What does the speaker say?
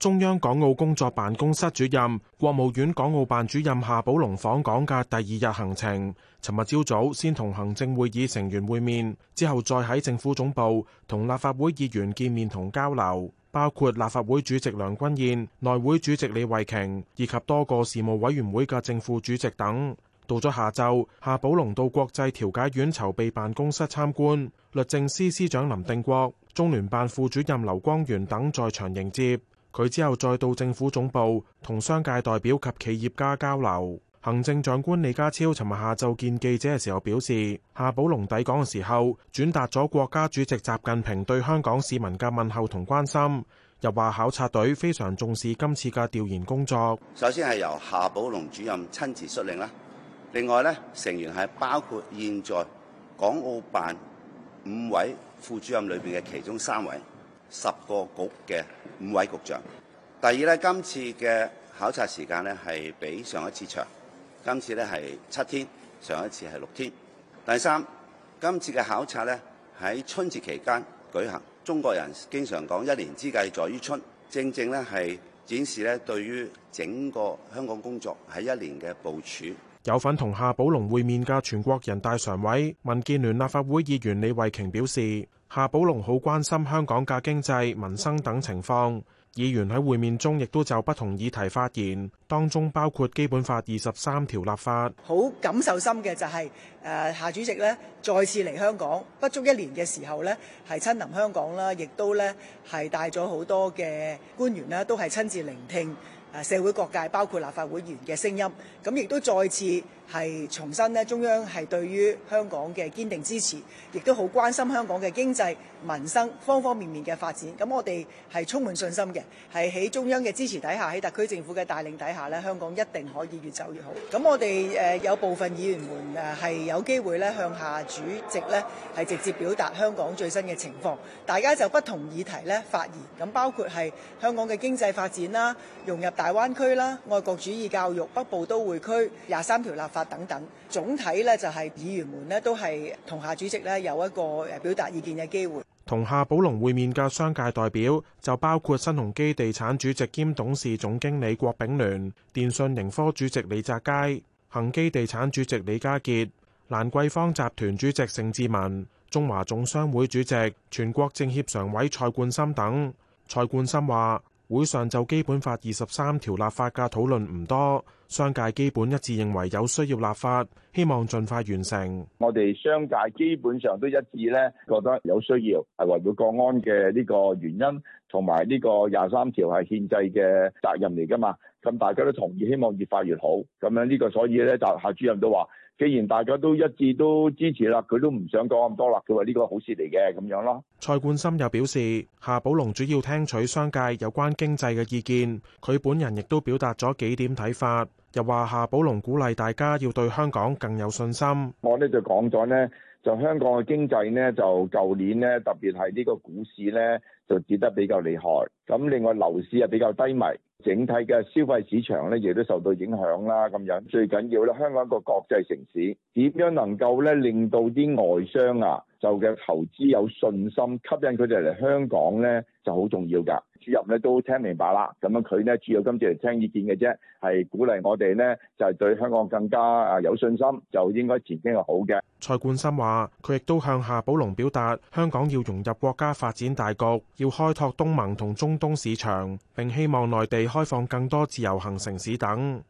中央港澳工作辦公室主任、國務院港澳辦主任夏寶龍訪港嘅第二日行程，尋日朝早先同行政會議成員會面，之後再喺政府總部同立法會議員見面同交流，包括立法會主席梁君彥、內會主席李慧瓊以及多個事務委員會嘅正副主席等。到咗下晝，夏寶龍到國際調解院籌備辦公室參觀，律政司司長林定國、中聯辦副主任劉光源等在場迎接。佢之後再到政府總部同商界代表及企業家交流。行政長官李家超尋日下晝見記者嘅時候表示，夏寶龍抵港嘅時候轉達咗國家主席習近平對香港市民嘅問候同關心，又話考察隊非常重視今次嘅調研工作。首先係由夏寶龍主任親自率領啦，另外呢成員係包括現在港澳辦五位副主任裏面嘅其中三位。十個局嘅五位局長。第二咧，今次嘅考察時間咧係比上一次長，今次咧係七天，上一次係六天。第三，今次嘅考察咧喺春節期間舉行。中國人經常講一年之計在於春，正正咧係展示咧對於整個香港工作喺一年嘅部署。有份同夏寶龍會面嘅全國人大常委、民建聯立法會議員李慧瓊表示。夏寶龍好關心香港嘅經濟、民生等情況，議員喺會面中亦都就不同議題發言，當中包括基本法二十三條立法。好感受心嘅就係，誒，夏主席呢，再次嚟香港，不足一年嘅時候呢，係親臨香港啦，亦都呢，係帶咗好多嘅官員啦，都係親自聆聽誒社會各界包括立法會議員嘅聲音，咁亦都再次。係重申咧，中央係對於香港嘅堅定支持，亦都好關心香港嘅經濟民生方方面面嘅發展。咁我哋係充滿信心嘅，係喺中央嘅支持底下，喺特區政府嘅帶領底下咧，香港一定可以越走越好。咁我哋誒有部分議員們誒係有機會咧向夏主席咧係直接表達香港最新嘅情況，大家就不同議題咧發言，咁包括係香港嘅經濟發展啦、融入大灣區啦、愛國主義教育、北部都會區廿三條立法。等等，總體咧就係議員們呢，都係同夏主席呢有一個誒表達意見嘅機會。同夏寶龍會面嘅商界代表就包括新鴻基地產主席兼董事總經理郭炳聯、電訊盈科主席李澤楷、恒基地產主席李家傑、蘭桂坊集團主席盛智文、中華總商會主席全國政協常委蔡冠深等。蔡冠深話會上就基本法二十三條立法嘅討論唔多。商界基本一致認為有需要立法，希望盡快完成。我哋商界基本上都一致咧，覺得有需要，係為咗國安嘅呢個原因。同埋呢個廿三條係憲制嘅責任嚟㗎嘛，咁大家都同意，希望越快越好。咁樣呢個所以咧，就夏主任都話，既然大家都一致都支持啦，佢都唔想講咁多啦，佢話呢個好事嚟嘅咁樣咯。蔡冠深又表示，夏寶龍主要聽取商界有關經濟嘅意見，佢本人亦都表達咗幾點睇法，又話夏寶龍鼓勵大家要對香港更有信心。我呢就講咗呢。就香港嘅經濟呢，就舊年呢，特別係呢個股市呢，就跌得比較厲害。咁另外樓市啊，比較低迷，整體嘅消費市場呢，亦都受到影響啦。咁樣最緊要咧，香港個國際城市點樣能夠呢，令到啲外商啊，就嘅投資有信心，吸引佢哋嚟香港呢，就好重要㗎。主任呢都聽明白啦，咁樣佢呢，主要今次嚟聽意見嘅啫，係鼓勵我哋呢，就對香港更加啊有信心，就應該前景係好嘅。蔡冠深話，佢亦都向夏寶龍表達，香港要融入國家發展大局，要開拓東盟同中東市場，並希望內地開放更多自由行城市等。